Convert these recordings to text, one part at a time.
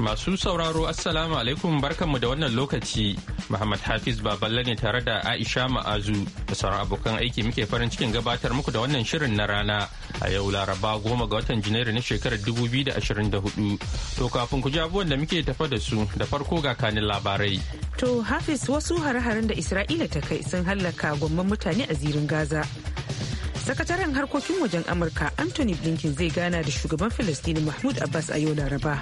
Masu sauraro Assalamu alaikum barkanmu da wannan lokaci. Muhammad Hafiz Baballe ne tare da Aisha Ma'azu da sauran abokan aiki muke farin cikin gabatar muku da wannan shirin na rana a yau Laraba goma ga watan Janairu na shekarar 2024. To kafin ku ji abubuwan da muke tafa da su da farko ga kanin labarai. To Hafiz wasu hare-haren da Isra'ila ta kai sun hallaka gwamman mutane a zirin Gaza. sakataren harkokin wajen amurka anthony blinken zai gana da shugaban filistini mahmud abbas a yau laraba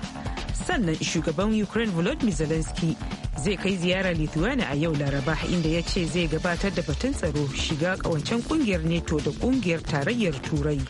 sannan shugaban ukraine volodymyr zelensky zai kai ziyara lithuania a yau laraba inda ya ce zai gabatar da batun tsaro shiga kawancen kungiyar neto da kungiyar tarayyar turai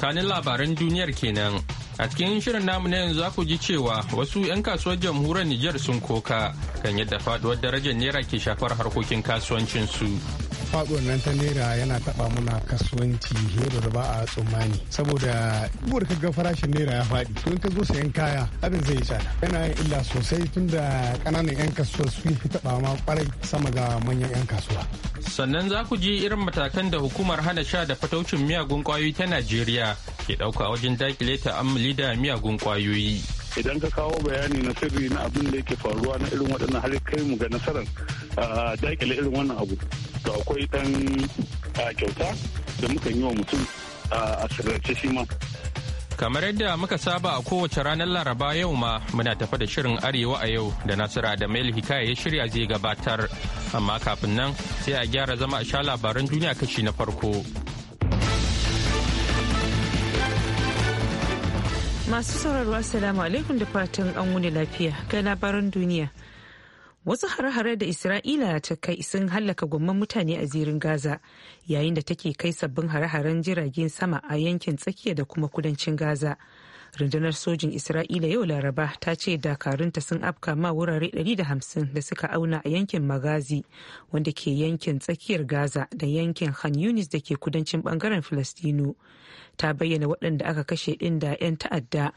kanin labaran duniyar kenan a cikin shirin namu na yanzu ku ji cewa wasu 'yan kasuwar jamhuriyar niger sun koka kan yadda faduwar darajar naira ke shafar harkokin kasuwancinsu. su faɗuwar nan ta naira yana taɓa muna kasuwanci hero da ba a tsammani saboda buwar ka ga farashin naira ya faɗi to in ka zo sayan kaya abin zai tsada yana yin illa sosai tunda ƙananan 'yan kasuwa sun fi taɓa ma kwarai sama ga manyan 'yan kasuwa. sannan za ku ji irin matakan da hukumar hana sha da fataucin miyagun kwayoyi ta najeriya ke ɗauka wajen dakile amali da miyagun kwayoyi. idan ka kawo bayani na sirri na abin da yake faruwa na irin waɗannan har kai mu ga nasarar ah, dakile irin wannan abu to akwai dan kyauta da muka yi wa mutum a asirarci shi ma kamar yadda muka saba a kowace ranar laraba yau ma muna tafa da shirin arewa a yau da nasira da mail hikaya ya shirya zai gabatar amma kafin nan sai a gyara zama a sha labaran duniya kashi na farko masu sauraro asalamu alaikum da fatan an wuni lafiya ga labaran duniya wasu hare-hare da isra'ila ta kai sun hallaka gomman mutane a zirin gaza yayin da take kai sabbin hare-haren jiragen sama a yankin tsakiya da kuma kudancin gaza rundunar sojin isra'ila yau laraba ta ce dakarunta sun afka ma wurare 150 da suka auna a yankin magazi wanda ke yankin tsakiyar gaza da yankin han yunis da ke kudancin bangaren filistino ta bayyana waɗanda aka kashe ɗin da 'yan ta'adda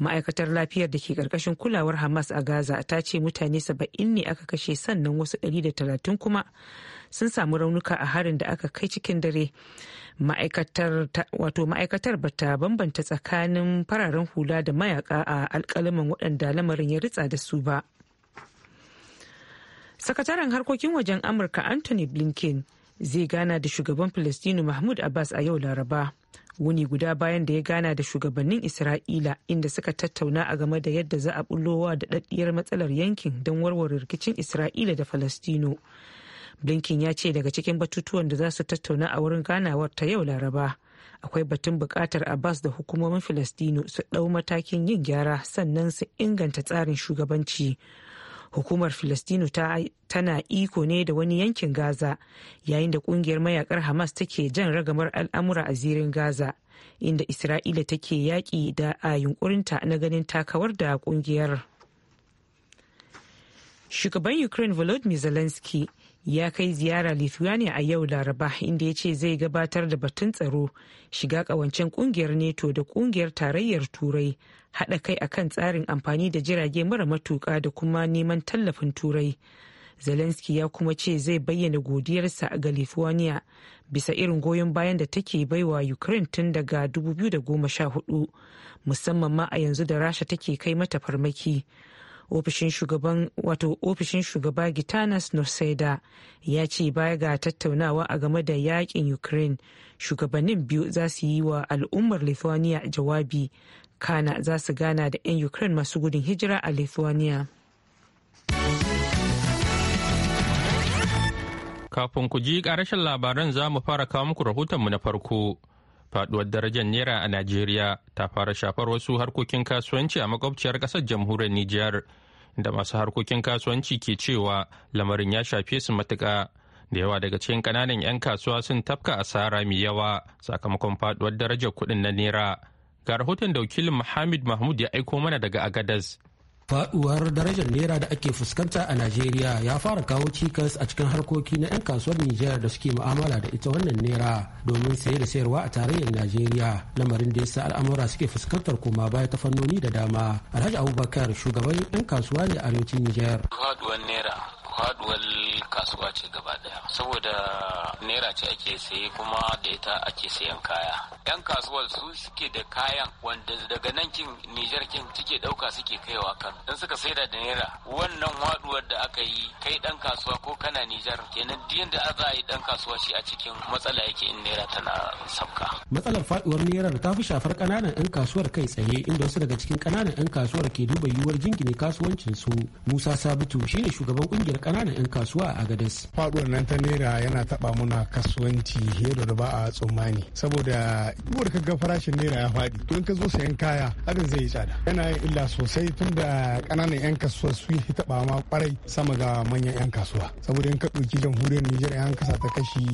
ma'aikatar lafiyar da ke karkashin kulawar hamas a gaza ta ce mutane 70 ne aka kashe sannan wasu 130 kuma sun samu raunuka a harin da aka kai cikin dare ma'aikatar ba ta bambanta tsakanin fararen hula da mayaka a alkalaman waɗanda lamarin ya ritsa da su ba sakataren harkokin wajen amurka anthony blinken zai gana da shugaban palestino mahmud abbas a yau laraba wuni guda bayan da ya gana da shugabannin isra'ila inda suka tattauna a game da yadda za a bullowa da daddiyar matsalar yankin don warware rikicin isra'ila da falastino blinken ya ce daga cikin batutuwan da za su tattauna a wurin ganawar ta yau laraba akwai batun bukatar abbas da hukumomin Falastino su ɗau matakin yin gyara sannan su inganta tsarin shugabanci hukumar filistinu tana iko ne da wani yankin gaza yayin da kungiyar mayakar hamas take jan ragamar al'amura a zirin gaza inda isra'ila take yaƙi da a yunkurinta na ganin takawar da kungiyar shugaban ukraine volodymyr zelensky ya kai ziyara lithuania a yau laraba inda ya ce zai gabatar da batun tsaro shiga kawancen kungiyar neto da kungiyar tarayyar turai haɗa kai a kan tsarin amfani da jirage mara matuƙa da kuma neman tallafin turai zelensky ya kuma ce zai bayyana godiyarsa ga lithuania bisa irin goyon bayan da take baiwa ukraine tun daga 2014 musamman ma a yanzu da rasha take kai mata farmaki ofishin shugaban wato ofishin shugaba gitanas noseda ya ce baya ga tattaunawa a game da yakin ukraine shugabannin biyu za su yi wa al'ummar lithuania jawabi kana za su gana da 'yan ukraine masu gudun hijira a lithuania kafin ku ji ƙarashin labaran za mu fara kawo muku rahotonmu na farko faduwar darajar naira a najeriya ta fara shafar wasu harkokin kasuwanci a makwabciyar kasar jamhuriyar nijar da masu harkokin kasuwanci ke cewa lamarin ya shafe su matuƙa da yawa daga cikin ƙananan 'yan kasuwa sun tafka asara mai yawa sakamakon faduwar darajar kuɗin na nera ga rahoton da wakilin muhammad mahmud ya aiko mana daga agadas faduwar darajar naira da ake fuskanta a najeriya ya fara kawo cikas a cikin harkoki na 'yan kasuwar nijar da suke mu'amala da ita wannan naira domin saye da sayarwa a tarayyar najeriya lamarin da yasa al'amura suke fuskantar koma baya ta fannoni da dama alhaji abubakar shugaban 'yan kasuwa ne a arewacin nijar faduwar naira faduwar kasuwa ce gaba daya saboda naira ce ake saye kuma da ita ake sayan kaya yan kasuwar su suke da kayan wanda daga nan kin nijar kin suke dauka suke kaiwa kan in suka saida da naira wannan faduwar da aka yi kai dan kasuwa ko kana nijar kenan duk da za yi dan kasuwa shi a cikin matsala yake in naira tana sabka matsalar faduwar naira ta fi shafar kananan yan kasuwar kai tsaye inda wasu daga cikin kananan yan kasuwar ke duba yiwuwar jingine kasuwancin su musa sabitu shine shugaban kungiyar kananan 'yan kasuwa a gadas. Faduwar nan ta naira yana taba muna kasuwanci hero da ba a tsammani saboda duwar ka ga farashin naira ya fadi to in ka zo sayan kaya abin zai yi tsada yana yin illa sosai tunda ƙananan 'yan kasuwa su yi taɓa ma kwarai sama ga manyan 'yan kasuwa saboda in ka ɗauki jamhuriyar nijar 'yan kasa ta kashi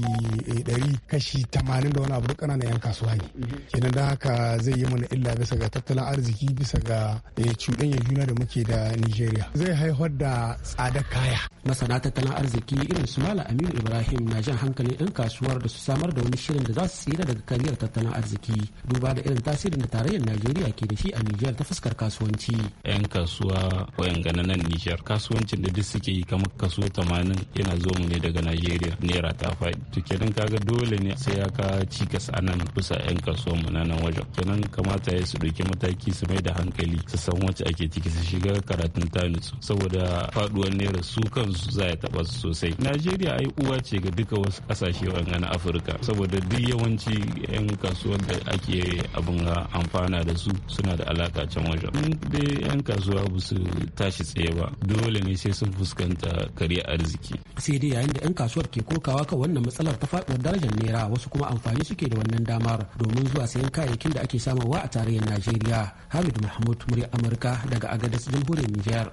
eh, ɗari kashi tamanin da wani abu duk 'yan kasuwa ne kenan da haka zai yi mana illa bisa ga tattalin arziki bisa ga eh, cuɗanyar juna da muke da Nijeriya zai haifar da tsadar kaya masana tattalin arziki irin su mala aminu ibrahim na jan hankalin 'yan kasuwar da su samar da wani shirin da za su tsira daga kariyar tattalin arziki duba da irin tasirin da tarayyar najeriya ke da shi a nijar ta fuskar kasuwanci 'yan kasuwa wayan gananan nijar kasuwancin da duk suke yi kamar kaso 80 yana zo mu ne daga najeriya naira ta faɗi to kenan kaga dole ne sai ya ka cikas a nan kusa 'yan kasuwan mu nan wajen kenan kamata ya su ɗauki mataki su mai da hankali su san wacce ake ciki su shiga karatun tanitsu saboda faɗuwar naira su kan kansu za ya taba su sosai najeriya ai uwa ce ga duka wasu kasashe na afirka saboda duk yawanci yan kasuwar da ake abin amfana da su suna da alaka can wajen in dai yan kasuwa ba su tashi tsaye ba dole ne sai sun fuskanta karya arziki sai dai yayin da yan kasuwar ke kokawa kan wannan matsalar ta faduwar darajar naira wasu kuma amfani suke da wannan damar domin zuwa sayan kayayyakin da ake samarwa a tarayyar najeriya hamid mahmud murya amurka daga agadas jamhuriyar nijar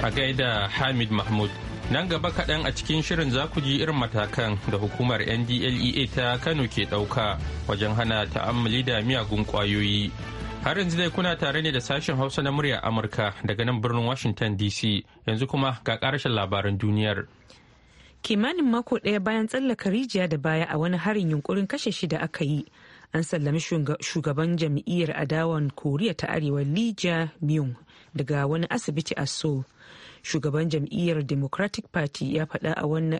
A gaida Hamid Mahmud. Nan gaba kaɗan a cikin shirin za ku ji irin matakan da hukumar NDLEA ta Kano ke ɗauka wajen hana ta'ammali da miyagun ƙwayoyi. Har yanzu dai kuna tare ne da sashen Hausa na murya Amurka daga nan birnin Washington DC yanzu kuma ga ƙarshen labaran duniyar. Kimanin mako ɗaya bayan tsallaka rijiya da baya a wani harin yunkurin kashe shi da aka yi. An sallami shugaban jam'iyyar adawan Koriya ta Arewa Lee Jae-myung daga wani asibiti a Seoul. shugaban jam'iyyar democratic party ya faɗa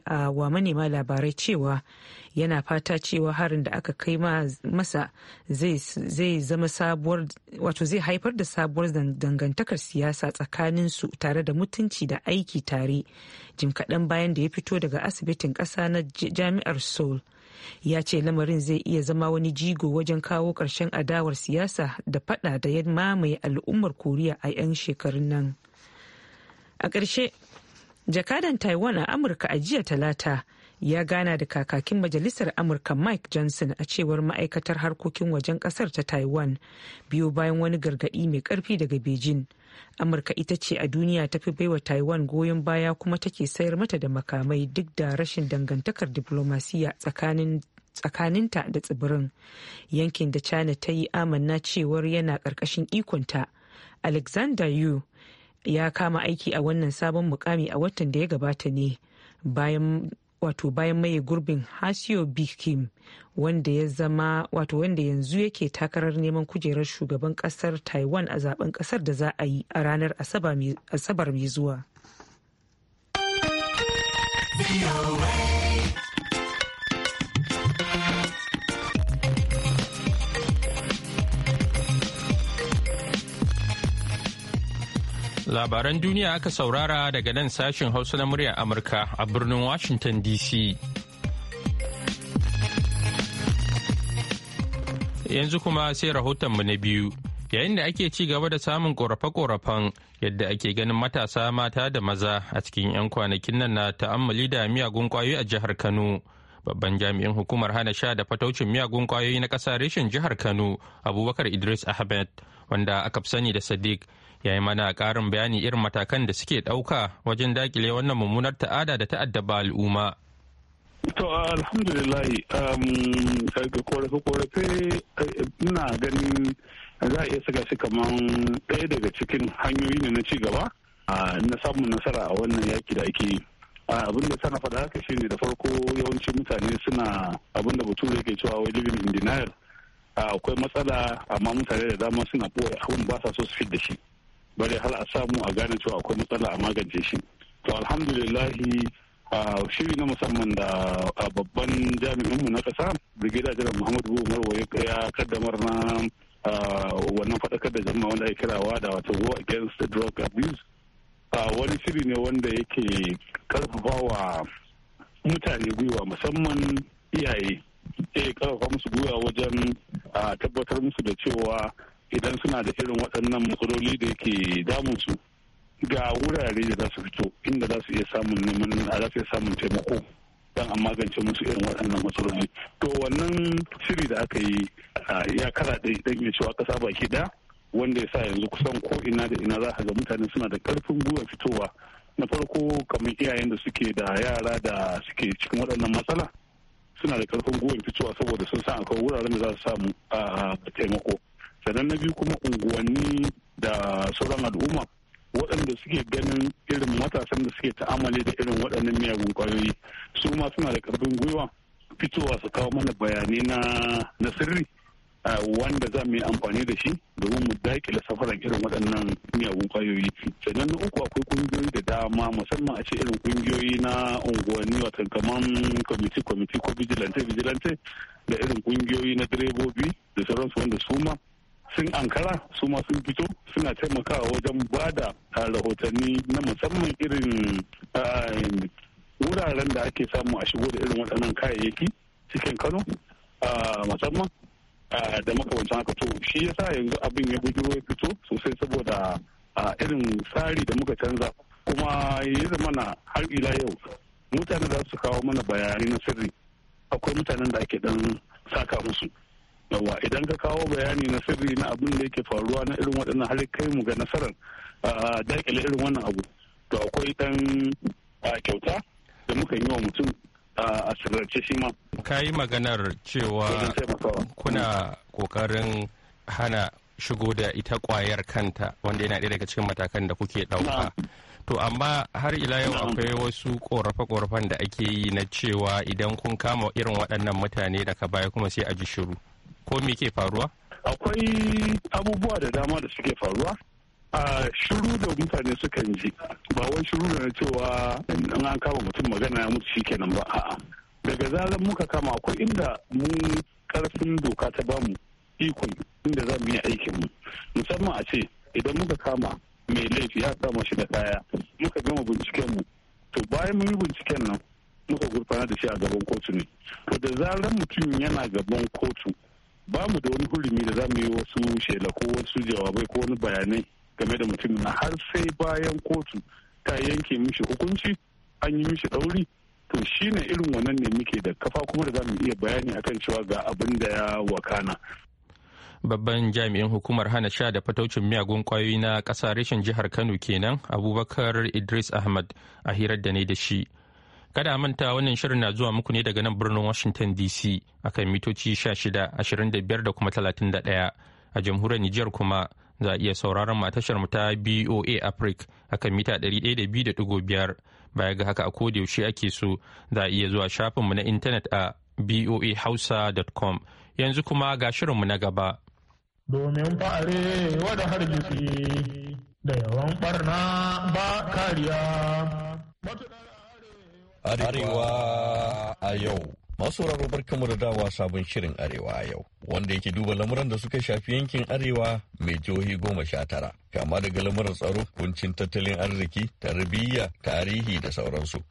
a wa manema labarai cewa yana fata cewa harin da aka kai masa zai zama sabuwar wato zai haifar da sabuwar dangantakar siyasa tsakanin su tare da mutunci da aiki tare jim kaɗan bayan da ya fito daga asibitin ƙasa na jami'ar seoul ya ce lamarin zai iya zama wani jigo wajen kawo ƙarshen adawar siyasa da faɗa da ya mamaye al'ummar koriya a 'yan shekarun nan a ƙarshe jakadan taiwan a amurka a jiya talata ya gana da kakakin majalisar amurka mike johnson a cewar ma'aikatar harkokin wajen ƙasar ta taiwan biyu bayan wani gargaɗi mai ƙarfi daga beijing amurka ita ce a duniya ta fi baiwa taiwan goyon baya kuma take sayar mata da makamai duk da rashin dangantakar diplomasiya tsakanin tsakaninta da tsibirin yankin da china ta yi amanna cewar yana ƙarƙashin ikonta alexander yu ya kama aiki a wannan sabon mukami a watan da ya gabata ne bayan wato bayan maye gurbin hasio bikim wanda ya zama wato wanda yanzu yake takarar neman kujerar shugaban kasar taiwan a zaben kasar da za a yi a ranar asabar mai zuwa. Labaran duniya aka saurara daga nan sashen Hausa na muryar Amurka a birnin Washington DC. Yanzu kuma sai rahotonmu na biyu. Yayin da ake ci gaba da samun korafe-korafen yadda ake ganin matasa mata da maza a cikin 'yan kwanakin nan na ta'ammali da miyagun kwayoyi a jihar Kano. babban jami'in hukumar hana sha da fataucin miyagun kwayoyi na ƙasa reshen jihar kano abubakar idris ahmed wanda aka sani da sadiq ya yi mana ƙarin bayani irin matakan da suke ɗauka wajen dakile wannan mummunar ta'ada da ta'addaba al'umma. To alhamdulillahi um, ga korafe ina ganin za a iya saka shi kamar ɗaya daga cikin hanyoyi ne na ci gaba na samun nasara a wannan yaki da ake abin da sana faɗa haka shine da farko yawancin mutane suna abin da da ke cewa wai living in denial akwai matsala amma mutane da dama suna boye abin ba sa so su fit da shi bare har a samu a gane cewa akwai matsala a magance shi to alhamdulillahi shiri na musamman da babban jami'inmu na ƙasa brigadier jiran muhammadu umar ya kaddamar na wannan faɗakar da jama'a wanda ya kirawa da wato war against the drug abuse wani shiri ne wanda yake karfafa wa mutane gwiwa musamman iyaye ya karfafa musu gwiwa wajen tabbatar musu da cewa idan suna da irin waɗannan matsaloli da yake damun su ga wurare da za su fito inda za su iya samun neman a za su iya samun taimako don a magance musu irin waɗannan matsaloli to wannan shiri da aka yi ya kara da idan ya cewa ƙasa baki ɗaya wanda ya sa yanzu kusan ko ina da ina za ka ga mutane suna da ƙarfin gwiwa fitowa na farko kamar iyayen da suke da yara da suke cikin waɗannan matsala suna da ƙarfin gwiwa fitowa saboda sun san akwai wuraren da za su samu a taimako sannan na biyu kuma unguwanni da sauran al'umma waɗanda suke ganin irin matasan da suke ta'amali da irin waɗannan miyagun ƙwayoyi su ma suna da ƙarfin gwiwa fitowa su kawo mana bayanai na sirri wanda za mu yi amfani da shi domin mu daƙile safaran irin waɗannan miyagun ƙwayoyi. sannan na uku akwai ƙungiyoyi da dama musamman a ce irin ƙungiyoyi na unguwanni wato kamar kwamiti kwamiti ko vigilante vigilante da irin ƙungiyoyi na direbobi da sauransu wanda su ma sun ankara su ma sun fito suna taimakawa wajen ba da ah, rahotanni na musamman irin ah, wuraren da ake samu a shigo da irin waɗannan kayayyaki cikin kano ah, musamman da makawancin haka to shi yasa yanzu abin ya gudu ya fito sosai saboda irin tsari da muka canza kuma ya zamana har ila yau mutane za su kawo mana bayanai na sirri akwai mutanen da ake dan saka musu yawa idan ka kawo bayani na sirri na abin da yake faruwa na irin waɗannan har kai mu ga nasarar dakile irin wannan abu to akwai dan kyauta da muka yi wa mutum a sirrance shi ma ka yi maganar cewa kuna kokarin hana shigo da ita kwayar kanta wanda yana ɗaya daga cikin matakan da kuke ɗauka to amma har ila yau akwai wasu korafe-korafen da ake yi na cewa idan kun kama irin waɗannan mutane daga baya kuma sai a ji shiru ko me ke faruwa akwai abubuwa da dama da suke faruwa a shiru da mutane sukan ji ba wai shiru da na cewa in an kama mutum magana ya mutu shi shikenan ba a'a daga zaran muka kama akwai inda mu karfin doka ta bamu ikon inda za mu yi aikin mu musamman a ce idan muka kama mai laifi ya kama shi da kaya muka gama binciken mu to bayan mun yi binciken nan muka gurfana da shi a gaban kotu ne to da zaran mutum yana gaban kotu ba mu da wani hurumi da za mu yi wasu shela ko wasu jawabai ko wani bayanai game da mutum na har sai bayan kotu ta yanke mishi hukunci an yi mishi ɗauri to shi ne irin wannan ne muke da kafa kuma da za mu iya bayani akan cewa ga abin da ya wakana. Babban jami'in hukumar hana sha da fataucin miyagun kwayoyi na ƙasa rashin jihar Kano kenan Abubakar Idris Ahmad a hirar da ne da shi. Kada manta wannan shirin na zuwa muku ne daga nan birnin Washington DC akan mitoci 16, da kuma 31. A jamhuriyar Nijar kuma za a iya sauraron matashar mu ta BOA Africa akan mita 102.5 baya ga haka a koda yaushe ake so za a iya zuwa shafinmu na intanet a boahausa.com yanzu kuma ga shirinmu na gaba. Domin fa'are wada hargitsi da yawan barna ba kariya. Arewa a yau. Masu barkamu kamar da dawa sabon shirin Arewa a yau, wanda yake duba lamuran da suka shafi yankin Arewa mai jihohi goma sha tara, kama daga lamuran tsaro, kuncin tattalin arziki, tarbiyya, tarihi da sauransu.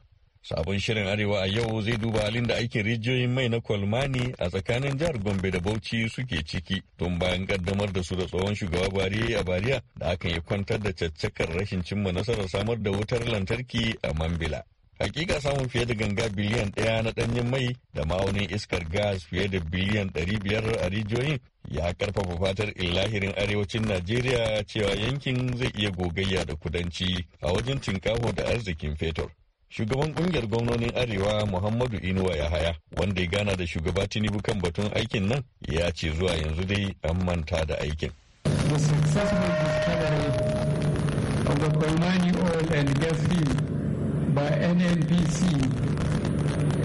Sabon shirin Arewa a yau zai duba halin da aikin rijiyoyin mai na Kwalmani a tsakanin jihar Gombe da Bauchi suke ciki tun bayan kaddamar da su da tsohon shugaba Bariye a Bariya da hakan ya kwantar da caccakar rashin cimma nasarar samar da wutar lantarki a Mambila. Hakika samun fiye da ganga biliyan ɗaya na ɗanyen mai da ma'aunin iskar gas fiye da biliyan ɗari biyar a rijiyoyin ya karfafa fatar illahirin arewacin Najeriya cewa yankin zai iya gogayya da kudanci a wajen tinkaho da arzikin fetur. shugaban kungiyar gwamnonin arewa muhammadu inuwa ya haya wanda ya gana da shugaba tinubu kan batun aikin nan ya ce zuwa yanzu dai an manta da aikin The successful discovery of the and gas by NNPC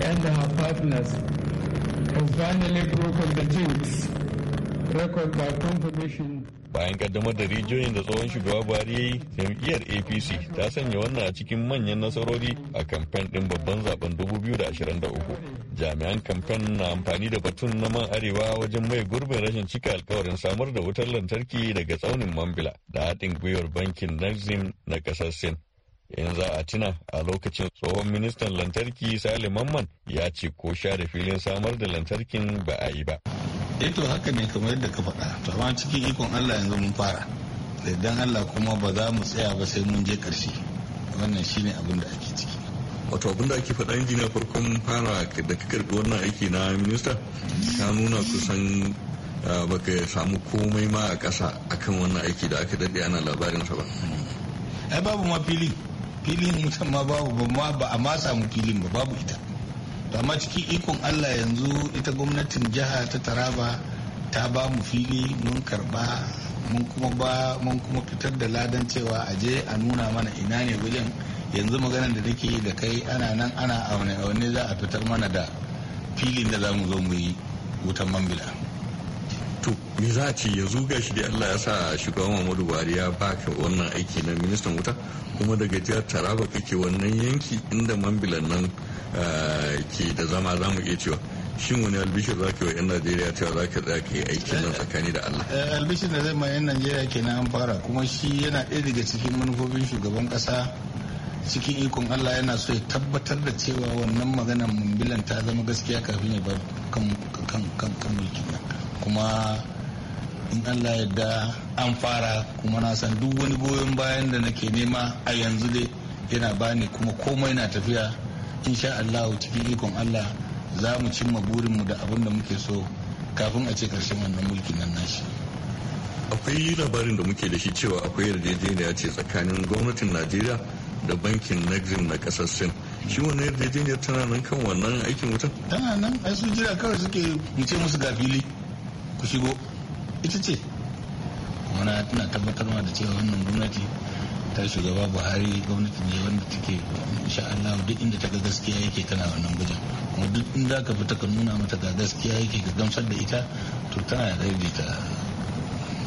and her partners has finally broken the jinx record by confirmation. bayan kaddamar da rijiyoyin da tsohon shugaba buhari ya yi jam'iyyar apc ta sanya wannan a cikin manyan nasarori a kamfen ɗin babban zaben 2023 jami'an kamfen na amfani da batun na man arewa wajen mai gurbin rashin cika alkawarin samar da wutar lantarki daga tsaunin mambila da haɗin gwiwar bankin nazim na ƙasar sin yanzu a tuna a lokacin tsohon ministan lantarki sale mamman ya ce ko share filin samar da lantarkin ba a yi ba eh to haka ne kamar yadda ka faɗa to amma cikin ikon allah yanzu mun fara idan allah kuma ba za mu tsaya ba sai mun je ƙarshe wannan shine abin da ake ciki wato abin da ake faɗa injiniya farkon fara da ka karɓi wannan aiki na minista ka nuna kusan baka samu komai ma a ƙasa akan wannan aiki da aka daɗe ana labarinsa ba ai babu ma fili filin mutum ma babu ba ma ba a ma samu filin ba babu ita to amma cikin ikon Allah yanzu ita gwamnatin jiha ta Taraba ta ba mu fili mun karba mun kuma ba mun kuma fitar da ladan cewa a je a nuna mana ina ne wajen yanzu maganar da nake da kai ana nan ana aune aune za a fitar mana da filin da za mu zo mu yi wutan mambila. to me za a ce yanzu shi dai Allah ya sa shugaban Muhammadu Buhari ya baka wannan aiki na ministan wuta kuma daga jihar Taraba kake wannan yanki inda mambilan nan eh, ke da zama za mu iya cewa shin wani albishir za ka yi wa 'yan najeriya cewa za ka tsaya ka yi aikin nan tsakani da allah eh, albishir da zai ma 'yan najeriya kenan an fara kuma shi yana ɗaya daga cikin manufofin shugaban ƙasa cikin ikon allah yana so ya tabbatar da cewa wannan maganar mumbilan ta zama gaskiya kafin ya bar kan mulkin nan kuma in allah yadda an fara kuma na san duk wani goyon bayan da nake nema a yanzu dai yana bani kuma komai na tafiya insha allahu cikin ikon allah za mu cimma burinmu da abin da muke so kafin a ce karshen wannan mulkin nan nashi akwai labarin da muke da shi cewa akwai yarjejeniya ce tsakanin gwamnatin najeriya da bankin nexim na kasar sin shi wannan yarjejeniyar tana nan kan wannan aikin wutan tana nan ai su jira kawai suke mu musu ga fili ku shigo ita ce mana tana tabbatar da cewa wannan gwamnati ta shugaba buhari gwamnati ne wanda take insha Allah duk inda ta ga gaskiya yake tana wannan gudan kuma duk inda ka fita ka nuna mata ga gaskiya yake ka gamsar da ita to tana da daidaita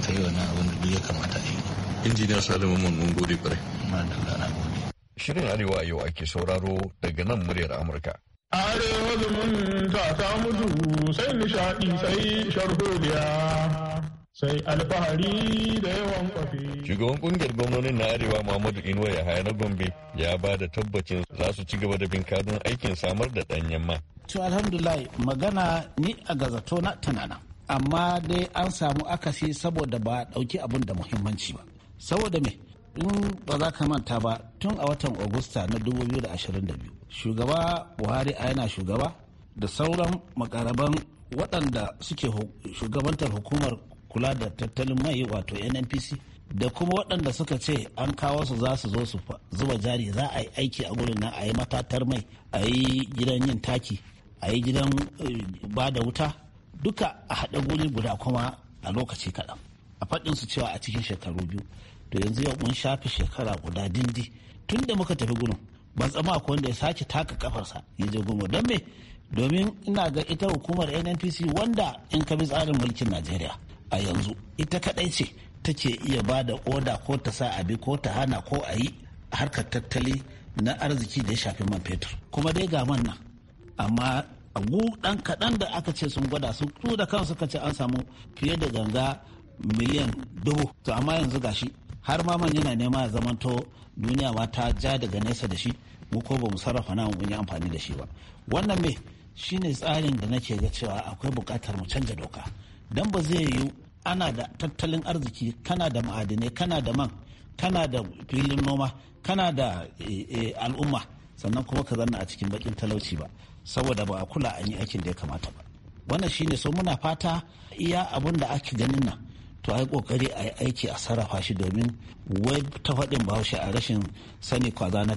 ta yi wani abin da duk ya kamata a yi injiniya salimu mun gode kwarai shirin arewa yau ake sauraro daga nan muryar amurka Arewa zumunta ta mutu sai nishaɗi sai sharholiya. sai alfahari da yawan kwafi. Shugaban kungiyar gwamnonin na Arewa Muhammadu Inuwa ya haya na Gombe ya ba da tabbacin za su ci gaba da bin kadun aikin samar da ɗanyen ma. To alhamdulillah magana ni a gazato na tunana. Amma dai an samu akasi saboda ba a ɗauki abin da muhimmanci ba. Saboda me in ba za ka manta ba tun a watan Agusta na 2022 shugaba Buhari a yana shugaba da sauran makaraban waɗanda suke shugabantar hukumar kula da tattalin mai wato NNPC da kuma waɗanda suka ce an kawo su za su zo su zuba jari za a yi aiki a gudun nan a yi matatar mai a yi gidan yin taki a yi gidan eh, ba da wuta duka a haɗa guri guda kuma a lokaci kaɗan a faɗin su cewa a cikin shekaru biyu to yanzu yau mun shafi shekara guda dindi tun da muka tafi gurin ban tsama ko wanda ya sake taka kafarsa ya je gumo don me domin ina ga ita hukumar nnpc wanda in ka bi tsarin mulkin najeriya a yanzu ita kadai ce take iya ba da oda ko ta sa abi ko ta hana ko a yi harkar tattali na arziki da ya shafi man fetur kuma dai ga man nan amma agu dan kaɗan da aka ce sun gwada su da kansu ka ce an samu fiye da ganga miliyan dubu to amma yanzu gashi har ma man yana nema ya zamanto duniya ma ta ja daga nesa da shi mu ko ba mu sarrafa na mun yi amfani da shi ba wannan me shine tsarin da nake ga cewa akwai bukatar mu canja doka dan ba zai yiwu ana da tattalin arziki kana da ma'adinai kana da man kana da filin noma kana da e, e, al'umma sannan kuma ka zanna a cikin bakin talauci ba saboda ba a kula an yi aikin da ya kamata ba wannan shine so muna fata iya abun da ake ganin nan to ai kokari a aiki a sarrafa shi domin wai ta faɗin bahaushe a rashin sani kaza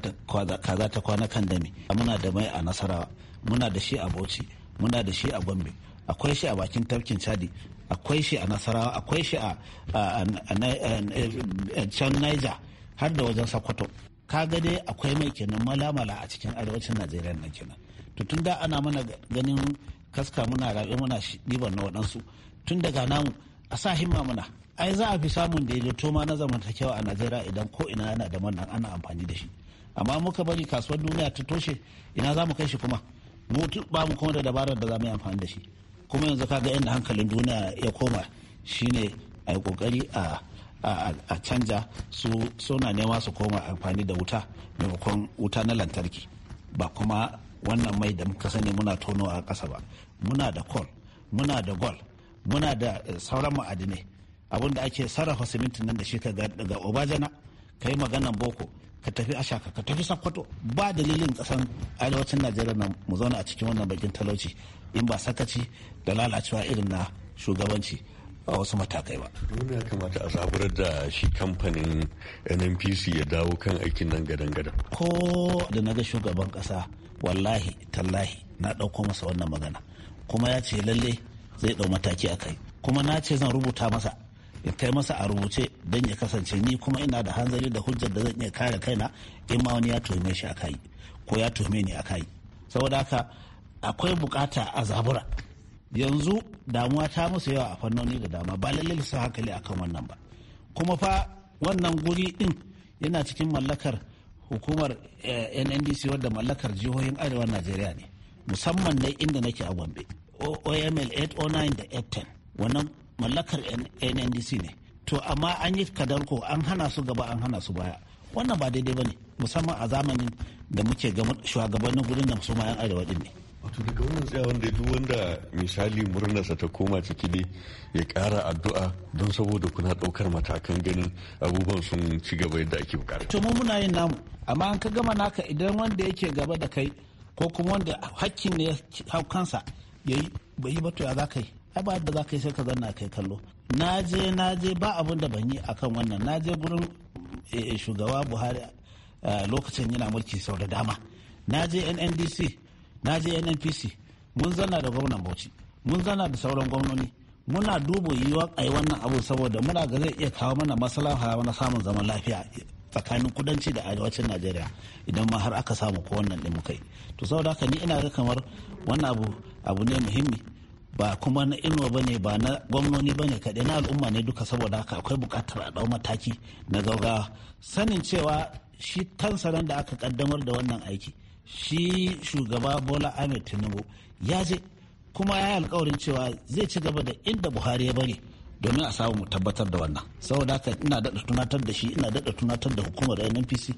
ta kwana kan dami muna da mai a nasarawa muna da shi a bauchi muna da shi a gombe akwai shi a bakin tafkin chadi akwai shi a nasarawa akwai shi a can niger har da wajen sokoto ka ga akwai mai kenan malamala a cikin arewacin najeriya na kenan to tun da ana mana ganin kaska muna rabe muna shi ɗiban na waɗansu tun daga namu a sa himma mana ai za a fi samun daidaito ma na zamantakewa a najeriya idan ko ina yana da wannan ana amfani da shi amma muka bari kasuwar duniya ta toshe ina za mu kai shi kuma mu ba mu kuma da dabarar da za mu yi amfani da shi kuma yanzu ka ga inda hankalin duniya ya koma shine a yi kokari a a canja su suna nema su koma amfani da wuta maimakon wuta na lantarki ba kuma wannan mai da muka sani muna tono a ƙasa ba muna da kol muna da gol muna da eh, sauran ma'adinai abin da ake sarrafa simintin nan da shi ka daga obajana ka yi maganan boko ka tafi ashaka ka tafi sakkwato ba dalilin kasan arewacin najeriya na mu zauna a cikin wannan bakin talauci in ba sakaci da lalacewa irin na shugabanci a wasu matakai ba. Dole ya kamata a zaburar da shi kamfanin NNPC ya dawo kan aikin nan gadan-gadan. Ko da na ga shugaban kasa wallahi tallahi na ɗauko masa wannan magana kuma ya ce lalle zai ɗau mataki a kai kuma na ce zan rubuta masa in kai masa a rubuce don ya kasance ni kuma ina da hanzari da hujjar da zan iya kare na in ma wani ya tuhume shi a kai ko ya tuhume ni a kai saboda haka akwai bukata a zabura yanzu damuwa ta musu yawa a fannoni da dama ba lallai su hankali akan wannan ba kuma fa wannan guri din yana cikin mallakar hukumar eh, nndc wadda mallakar jihohin arewa najeriya ne musamman ne inda nake a gombe oml 809 da 810 wannan mallakar nndc ne to amma an yi kadarko an hana su gaba an hana su baya wannan ba daidai ba ne musamman a zamanin da muke shugabannin gudun da su mayan arewa din ne wato daga wannan wanda da duk wanda misali murnarsa ta koma ciki ne ya kara addu'a don saboda kuna daukar matakan ganin abubuwan sun ci gaba yadda ake bukata to mu muna yin namu amma an ka gama naka idan wanda yake gaba da kai ko kuma wanda hakkin ne ya hau kansa yayi bai yi ba ya za ka yi ai ba yadda za ka yi sai ka zanna kai kallo na je na je ba abin da ban yi akan wannan na je gurin eh, eh, shugaba buhari eh, lokacin yana mulki sau da dama na je nndc na je nnpc mun zanna da gwamnan bauchi mun zanna da sauran gwamnoni muna duba yiwuwar a yi wannan abu saboda muna ga zai iya kawo mana maslaha na samun zaman lafiya tsakanin kudanci da arewacin najeriya idan ma har aka samu ko wannan ɗin kai to saboda haka ni ina ga kamar wannan abu abu ne muhimmi ba kuma na inuwa ba ne ba na gwamnoni ba ne kaɗai na al'umma ne duka saboda haka akwai buƙatar a ɗau mataki na gaugawa sanin cewa shi tansaran da aka ƙaddamar da wannan aiki shi shugaba bola ahmed tinubu ya je kuma ya yi alkawarin cewa zai ci gaba da inda buhari ya bari domin a samu tabbatar da wannan saboda haka ina daɗa tunatar da shi ina daɗa tunatar da hukumar nnpc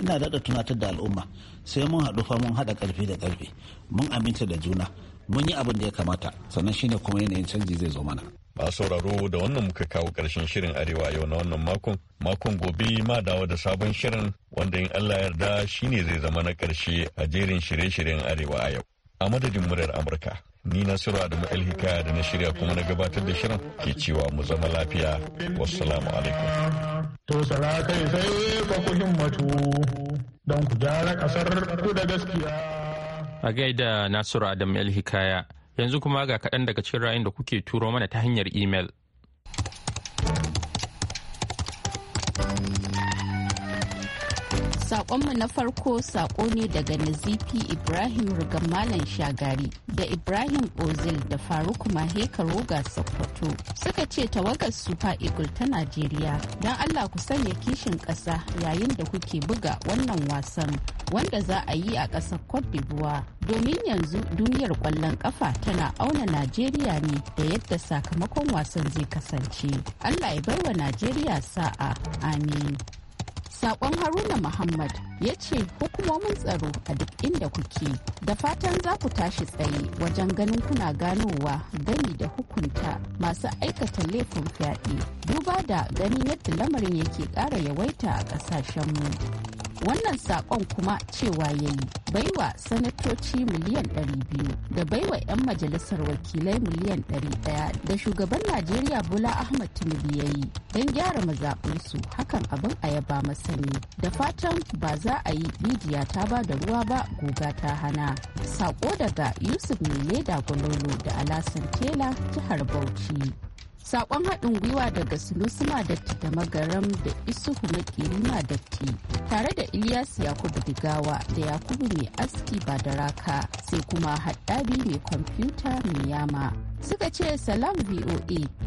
ina daɗa tunatar da al'umma sai mun haɗu fa mun haɗa ƙarfi da ƙarfi mun aminta da juna mun yi abin da ya kamata sannan shine kuma yanayin canji zai zo mana a sauraro da wannan muka kawo ƙarshen shirin arewa yau na wannan makon makon gobe ma dawo da sabon shirin wanda in allah yarda shine zai zama na ƙarshe a jerin shirye-shiryen arewa a yau a madadin muryar amurka Ni Nasiru Adamu Hikaya da na shirya kuma na gabatar da shirin ke cewa mu zama lafiya. Wassalamu alaikum. To sai fa ku himmatu don ku gyara kasar ku da gaskiya. A gaida Nasiru Adamu Hikaya yanzu kuma ga kaɗan daga cikin ra'ayin da kuke turo mana ta hanyar imel. Sakonmu na farko saƙo ne daga Nazifi Ibrahim Malam Shagari da Ibrahim Ozil da Faruk Maheka Roga Sokoto suka ce tawagar Super Eagle ta Najeriya don Allah ku sanya kishin ƙasa yayin da kuke buga wannan wasan wanda za a yi a ƙasar Cote d'Ivoire domin yanzu duniyar ƙwallon ƙafa tana auna Najeriya ne da yadda sakamakon wasan zai kasance. Allah ya bai wa Najeriya sa'a. Amin. Sakon Haruna Muhammad ya ce hukumomin tsaro a duk inda kuke da fatan za ku tashi tsaye wajen ganin kuna ganowa gani da hukunta masu aikata laifin fyaɗe duba da ganin yadda lamarin yake ƙara yawaita a ƙasashenmu. wannan sakon kuma cewa ya yi baiwa sanatoci miliyan 200 da baiwa 'yan majalisar wakilai miliyan 100 da shugaban najeriya Bula ahmad tinubu ya yi don gyara mazaɓinsu hakan abin a yaba masa da fatan ba za a yi bidiya ta ba da ruwa ba guga ta hana sako daga yusuf mai leda gololo da alasan tela jihar bauchi sakon haɗin gwiwa daga sulusuma datti da magaram da isuhu makirima datti tare da ilyas yakubu digawa da yakubu mai aski ba da raka sai kuma haɗabi mai kwamfuta mai yama suka ce salam voa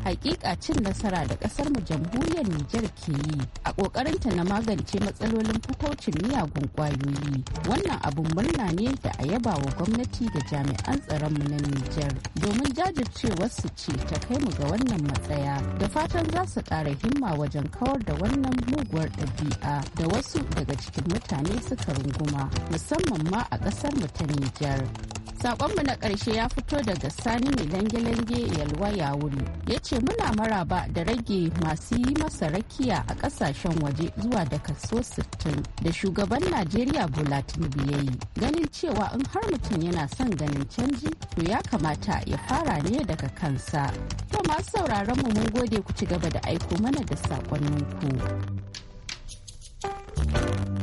hakika cin nasara da kasar mu jamhuriyar niger ke yi a kokarinta na magance matsalolin fitaucin miyagun kwayoyi wannan abun murna ne da a yaba wa gwamnati da jami'an tsaron mu na niger domin jajircewar su ce ta kai mu ga wannan matsaya da fatan za su kara himma wajen kawar da wannan muguwar ɗabi'a da wasu daga cikin mutane suka runguma musamman ma a ƙasar mu ta niger Sakonmu na ƙarshe ya fito daga Sani mai lange-lange yalwa ya wuni Ya ce muna maraba da rage masu yi masa rakiya a ƙasashen waje zuwa da kaso 60 da shugaban Najeriya Bola Tinubu ya yi. Ganin cewa in har mutum yana son ganin canji to ya kamata ya fara ne daga kansa. To masu sauraron mu mun gode ku ci gaba da aiko mana da sakonninku. ku.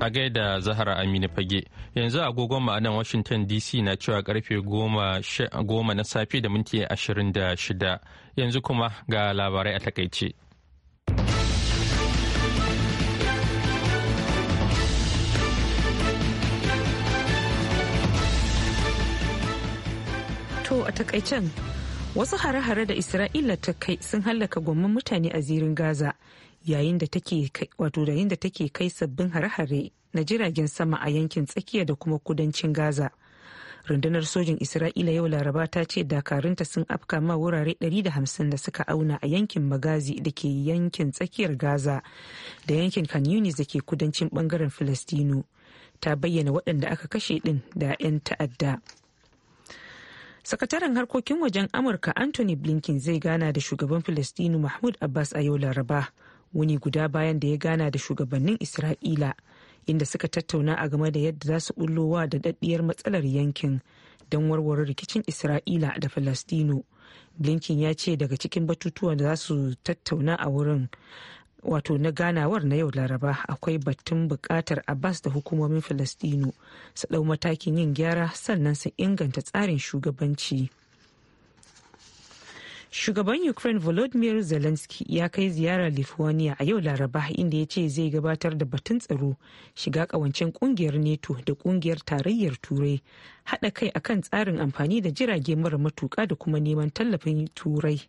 A gaida Zahara Aminu Fage, yanzu agogon ma'anan Washington DC na cewa karfe goma na safe da minti ashirin da shida. Yanzu kuma ga labarai a takaice. To a takaicen wasu hare-hare da Isra'ila ta kai sun hallaka gwamman mutane a zirin Gaza yayin da take wato yayin da take kai sabbin hare-hare na jiragen sama a yankin tsakiya da kuma kudancin Gaza. Rundunar sojin Isra'ila yau Laraba ta ce dakarunta sun afka ma wurare 150 da suka auna a yankin Magazi da ke yankin tsakiyar Gaza da yankin kanyunis da ke kudancin bangaren Filistinu. Ta bayyana waɗanda aka kashe ɗin da 'yan ta'adda. sakataren harkokin wajen amurka anthony blinken zai gana da shugaban filistinu mahmud abbas a yau laraba wuni guda bayan da ya gana da shugabannin isra'ila inda suka tattauna a game da yadda za su bullowa da daddiyar matsalar yankin don warware rikicin isra'ila da falastino blinken ya ce daga cikin batutuwan da za su tattauna a wurin wato na ganawar na yau laraba akwai batun bukatar abbas da hukumomin falastino su dau matakin yin gyara sannan su inganta tsarin shugabanci. Shugaban Ukraine Volodymyr Zelensky ya kai ziyara Lithuania a yau Laraba inda ya ce zai gabatar da batun tsaro shiga kawancen kungiyar NATO da kungiyar tarayyar Turai haɗa kai akan tsarin amfani da jirage mara matuka da kuma neman tallafin Turai.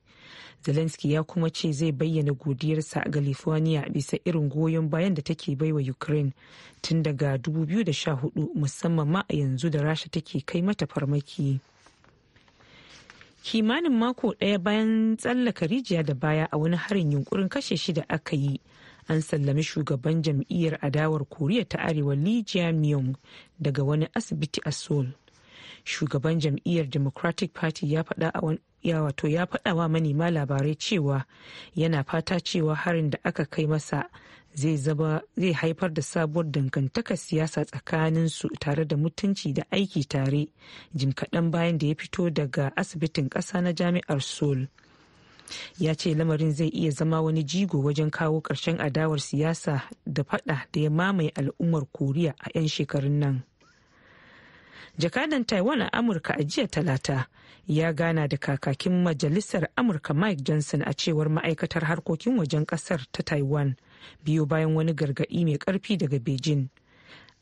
Zelensky ya kuma ce zai bayyana godiyarsa ga Lithuania bisa irin goyon bayan da take baiwa Ukraine tun daga 2014 musamman ma a yanzu da Rasha take kai mata farmaki. kimanin mako daya bayan tsallaka rijiya da baya a wani harin yunkurin kashe shi da aka yi an sallami shugaban jam'iyyar adawar koriya ta arewa lee jae daga wani asibiti a seoul shugaban jam'iyyar democratic party ya faɗa ya wato ya faɗa wa manema labarai cewa yana fata cewa harin da aka kai masa zai haifar da sabuwar dangantaka siyasa tsakaninsu tare da mutunci da aiki tare jim kaɗan bayan da ya fito daga asibitin ƙasa na jami'ar sol ya ce lamarin zai iya zama wani jigo wajen kawo ƙarshen adawar siyasa da faɗa da ya mamaye al'ummar koriya a 'yan shekarun nan jakadan taiwan a amurka a jiya talata ya gana da kakakin majalisar amurka mike johnson a cewar ma'aikatar harkokin wajen ƙasar ta taiwan biyo bayan wani gargaɗi mai ƙarfi daga beijing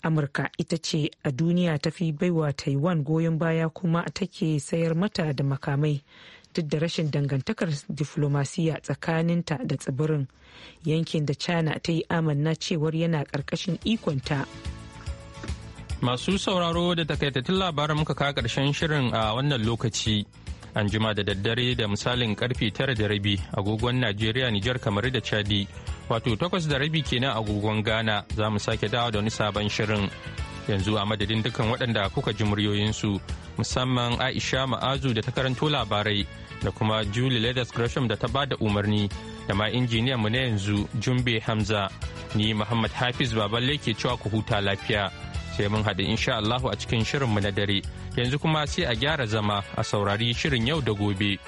amurka ita ce a duniya ta fi baiwa taiwan goyon baya kuma take sayar mata da makamai duk da rashin dangantakar diflomasiya tsakaninta da tsibirin yankin da china ta yi amanna cewar yana ƙarƙashin ikonta masu sauraro da takaitattun labaran muka kawo ƙarshen shirin a wannan lokaci anjima da daddare da misalin karfe tara da rabi agogon najeriya nijar kamar da chadi wato takwas da rabi kenan agogon ghana za mu sake dawa da wani sabon shirin yanzu a madadin dukan waɗanda kuka ji muryoyinsu musamman aisha ma'azu da ta karanto labarai da kuma julie leathers gresham da ta bada umarni da ma injiniyan mu na yanzu jumbe hamza ni muhammad hafiz baballe ke cewa ku huta lafiya sai mun haɗu insha Allahu a cikin shirinmu na dare yanzu kuma sai a gyara zama a saurari shirin yau da gobe.